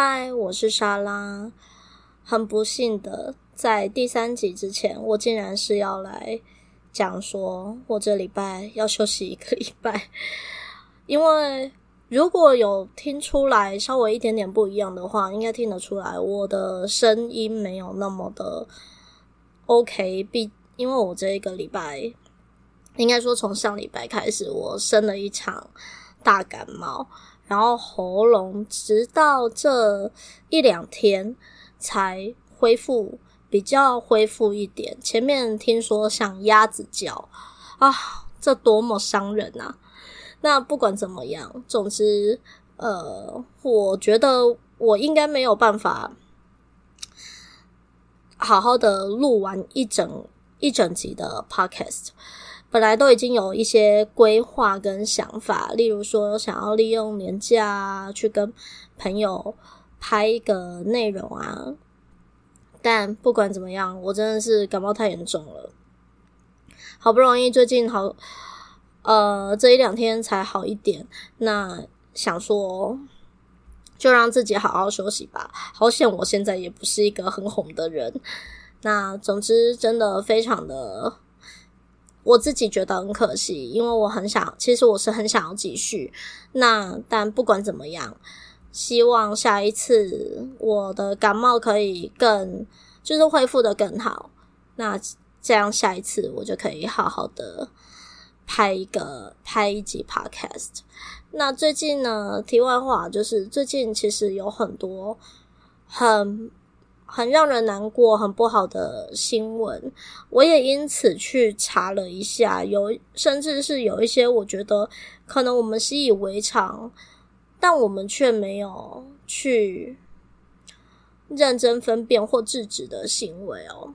嗨，我是莎拉。很不幸的，在第三集之前，我竟然是要來講說，我這禮拜要休息一個禮拜。因為如果有聽出來稍微一點點不一樣的話，應該聽得出來，我的聲音沒有那麼的 OK。畢，因為我這一個禮拜，應該說從上禮拜開始，我生了一場大感冒。然後喉嚨直到這一兩天才恢復，比較恢復一點。前面聽說像鴨子叫啊，這多麼傷人啊！那不管怎麼樣，總之，呃，我覺得我應該沒有辦法好好的錄完一整一整集的 Podcast。本來都已經有一些規劃跟想法，例如說想要利用年假啊，去跟朋友拍一個內容啊。但不管怎麼樣，我真的是感冒太嚴重了。好不容易最近好，呃，這一兩天才好一點。那想說就讓自己好好休息吧。好險，我現在也不是一個很紅的人。那總之，真的非常的。我自己覺得很可惜，因為我很想，其實我是很想要繼續。那但不管怎麼樣，希望下一次我的感冒可以更，就是恢復得更好。那這樣下一次我就可以好好的拍一個拍一集 podcast。那最近呢，題外話就是最近其實有很多很。很讓人難過，很不好的新聞。我也因此去查了一下，有甚至是有一些，我覺得可能我們習以為常，但我們卻沒有去認真分辨或制止的行為哦。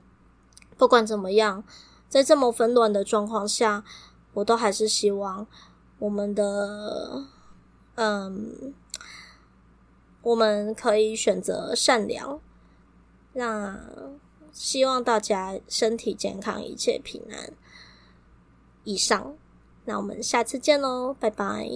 不管怎麼樣，在這麼紛亂的狀況下，我都還是希望我們的嗯，我們可以選擇善良。那希望大家身體健康，一切平安。以上，那我們下次見嘍，拜拜。